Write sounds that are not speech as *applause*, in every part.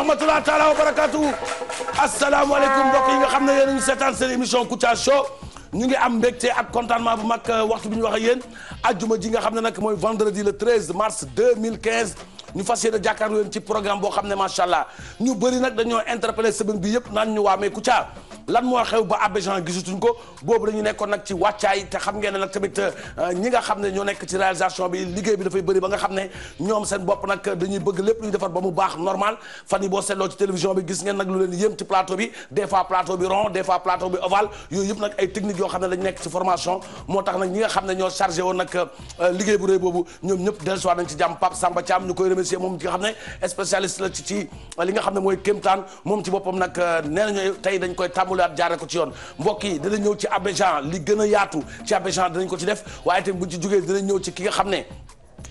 rahmatulah taalaa wa barakaatu. asalaamualeykum mbokk yi nga xam ne yéen a ngi seetaan seen émission Kouthia Show ñu ngi am mbégte ak contentement bu mag euh, waxtu bi ñu wax ak yéen ji nga xam ne nag mooy vendredi le 13 mars 2015. ñu fas yéene jàkkaarloo leen ci programme boo xam ne macha allah ñu bëri nag dañoo interpellé semaine bi yëpp naan ñu waamee Kouthia. lan moo xew ba abbé Jean gisutuñ ko boobu dañu nekkoon nag ci wàccaay te xam ngeen ne nag tamit euh, ñi nga xam ne ñoo nekk ci réalisation bi liggéey bi dafay bëri ba nga xam ne ñoom seen bopp nag dañuy bëgg lépp lu defar ba mu baax normal fan yi boo seetloo ci télévision bi gis ngeen nag lu leen yéem ci plateau bi des fois plateau bi rond des plateau bi ovale yooyu yëpp nag ay technique yoo xam ne dañu nekk ci formation moo tax nag ñi nga xam ne ñoo chargé woon nag euh, liggéey bu réy boobu ñoom jubalaat jaare ko ci yoon mbokk yi dina ñëw ci Abidjan li gën a yaatu ci Abidjan dinañ ko ci def waaye tamit buñ ci jógee dinañ ñëw ci ki nga xam ne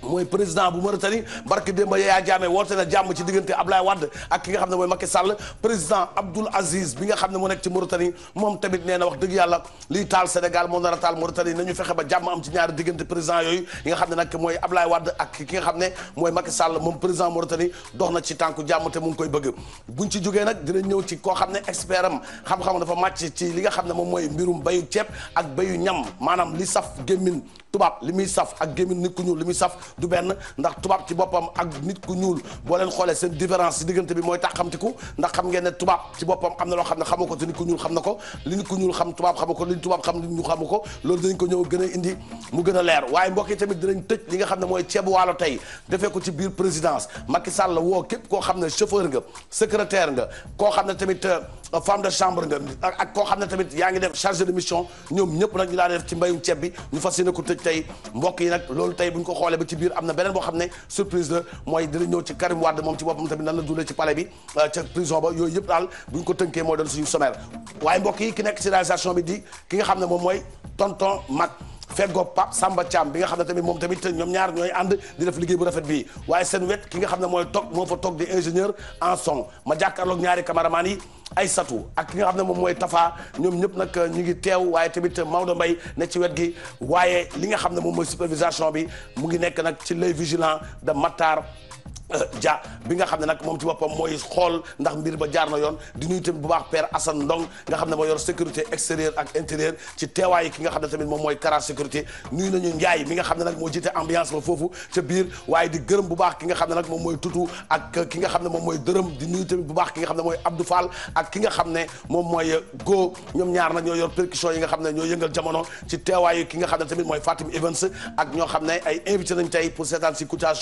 mooy président bu Mauritanie barke Demba Yaya woo woote na jàmm ci diggante Ablaye Wade ak ki nga xam ne mooy Macky Sall président Abdoul Aziz bi nga xam ne mu nekk ci Mauritanie moom tamit nee na wax dëgg yàlla liy taal Sénégal moo a taal Mauritanie nañu fexe ba jàmm am ci ñaari diggante président yooyu xam ne nag mooy Ablaye Wade ak ki nga xam ne mooy Macky Sall moom président Mauritanie dox na ci tànku jàmm te mu ngi koy bëgg buñ ci jógee nag dinañ ñëw ci koo xam ne expert am xam-xam dafa màcc ci li nga xam ne moom mooy mbirum bayu ceeb ak bayu ñam maanaam li saf gémmin tubaab li muy saf ak gémmin nit ku ñuul li muy saf du benn ndax tubaab ci boppam ak nit ku ñuul boo leen xoolee seen différence si diggante bi mooy taxamtiku ndax xam ngeen ne tubaab ci boppam am na loo xam ne xamu ko te nit ku ñuul xam na ko li nit ku ñuul xam tubaab ko li tubaab xam li ñu xamu ko loolu dinañ ko ñëw gën a indi mu a li nga xam ne mooy ceebu waalo tey defee ko ci biir présidence Macky Sall woo képp koo xam ne chauffeur nga secrétaire nga koo xam ne tamit euh, femme de koo xam ne tamit yaa ngi def chargé de ñëpp nag ñu laa def ci bi ñu fas yéene ko loolu tey ko xoolee ba ci biir am na beneen boo xam ne surprise la mooy dina ñëw ci Karim Wade moom ci boppam tamit nan la dundee ci palais bi euh, ca prison ba yooyu yëpp daal bu ñu ko tënkee mooy doon suñu sommaire waaye mbokk yi nekk ci réalisation bi di ki nga xam ne moom mooy tonton Mag feggoo Pape Samba Thiam bi nga xam ne tamit moom tamit ñoom ñaar ñooy ànd di def liggéey bu rafet bii waaye seen wet ki nga xam ne mooy toog moo fa toog di ingénieur en son ma jàkkaarloog ñaari cameraman yi Aysatu ak ki nga xam ne moom mooy Tafa ñoom ñëpp nag ñu ngi teew waaye tamit Maodo mbay ne ci wet gi waaye li nga xam ne moom mooy supervision bi mu ngi nekk nag ci l'œil vigilant de Matar jaa bi nga xam ne nag moom ci boppam mooy xool ndax mbir ba jaar na yoon di nuyu tamit bu baax père Assane Ndong nga xam ne moo yor sécurité extérieure ak intérieur ci teewaay ki nga xam ne tamit moom mooy Kara sécurité nuyu nañu Ndiaye mi nga xam ne nag moo jiite ambiance ba foofu ca biir waaye di ki nga xam ne nag moom mooy tutu ak nga xam ne moom mooy dërëm di nuyu tamit bu baax ki nga xam ne mooy Abdou Fall ak ki nga xam ne moom mooy Go ñoom ñaar na ñoo yor percussion yi nga xam ne ñoo yëngal jamono ci teewaayu ki nga xam ne tamit mooy Fatim Evans ak ñoo xam ne ay invité nañ tey pour seetaan si Kouthia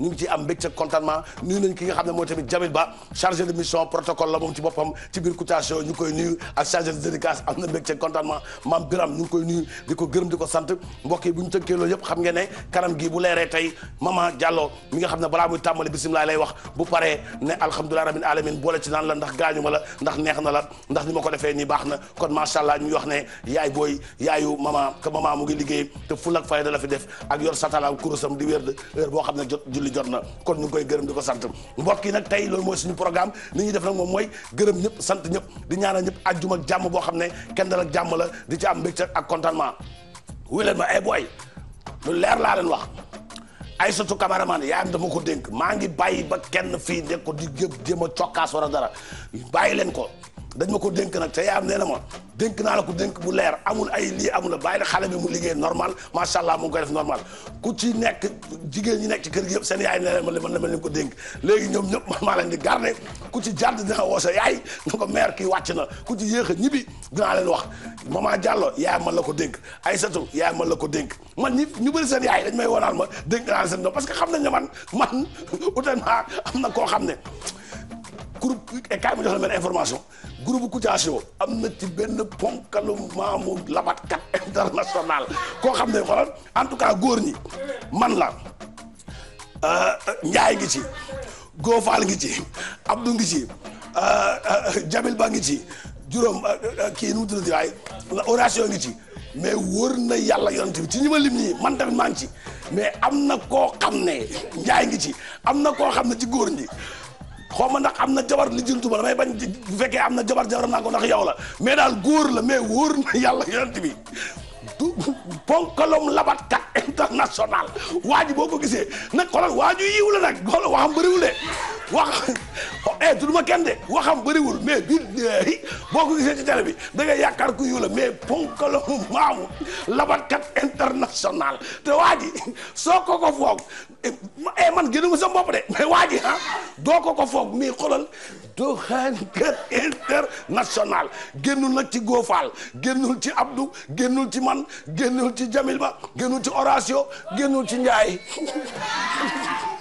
ñu ngi ci am mbégte contentement nuyu nañ ki nga xam ne mooy tamit Jamil Ba chargé de mission protocole la moom ci boppam ci biir Kouthia Show ñu koy nuyu ak chargé de dédicace am na mbégte contentement maam Biram ñu ngi koy nuyu di ko gërëm di ko sant mbokk bu ñu tënkee loolu yëpp xam ngeen ne kanam gi bu leeree tey maman Diallo mi nga xam ne balaa muy tàmbali bisimilah lay wax bu paree ne alhamdulilah rabbil alamin boole ci naan la ndax gaañu la ndax neex na la ndax ni ma ko defee nii na kon macha allah ñuy wax ne yaay booy yaayu maman que maman mu ngi liggéey te ful ak fayda la fi ne jot julli jot na gërëm di ko sant mbokk yi nag tey loolu mooy suñu programme li ñu def nag moom mooy gërëm ñëpp sant ñëpp di ñaanal ñëpp àjjuma ak jàmm boo xam ne kenn dala jàmm la di ci am mbégte ak contentement wuy leen ma ay eh booy lu leer laa leen wax ay surtout cameraman yaayam dama ko dénk maa ngi bàyyi ba kenn fii nekk ko di jéem a cokkaas wala dara bàyyi leen ko dañ ma ko dénk nag te yaayam nee na ma dénk naa la ko dénk bu leer amul ay lii amul bàyyi la xale bi mu liggéey normal macha allah mu ngi koy def normal ku ci nekk jigéen ñi nekk ci kër gi yëpp seen yaay nee na ma man dama leen ko dénk léegi ñoom ñëpp man maa leen di garder ku ci jàdd dinaa woo sa yaay *laughs* ko meer kii wàcc na ku ci yéex a ñibbi dinaa leen wax maman Diallo yaayam man la ko dénk Aïssatou yaayam man la ko dénk man ñi ñu bëri seen yaay dañ may wonaan ma dénk naa la seen doom parce que xam nañ ne man man *laughs* ute naa am na koo xam ne groupe et kaay ma jox la benn information groupe Kouthia Show am na ci benn ponkalu maamu labatkat *laughs* international koo xam ne xoolal en tout cas góor ñi man la euh, Njaay ngi ci Góofaal ngi ci Abdou ngi ci euh, euh, Jamil Ba ngi ci juróom kii nu mu tuddati waaye oration ngi ci mais wóor na yàlla yoon bi ci ñu ma lim ñii man maa ngi ci mais am na koo xam ne Njaay ngi ci am na koo xam ne ci góor ñi xaw ma ndax am na jabar li jëntuma damay bañ bu fekkee am na jabar jabaram naa ko ndax yow la mais daal góor la mais wóor na yàlla yonent bi du ponkalom labatkat international waa ji boo ko gisee nag xoolal waa ju yiw la nag xoolal waxam bëriwul eh tudd ma kenn de waxam bëriwul mais bi boo ko gisee ci télé bi da nga yaakaar ku yu la mais ponkalamu maamu labatkat international te waa soo ko ko foog eh man gënu ma sa bopp de mais waa ji ah, doo ko ko foog mais xoolal doxaankat international génnul nag ci Gofal génnul ci Abdou génnul ci man génnul ci Jamil Ba génnul ci Horacio génnul ci Ndiaye *laughs*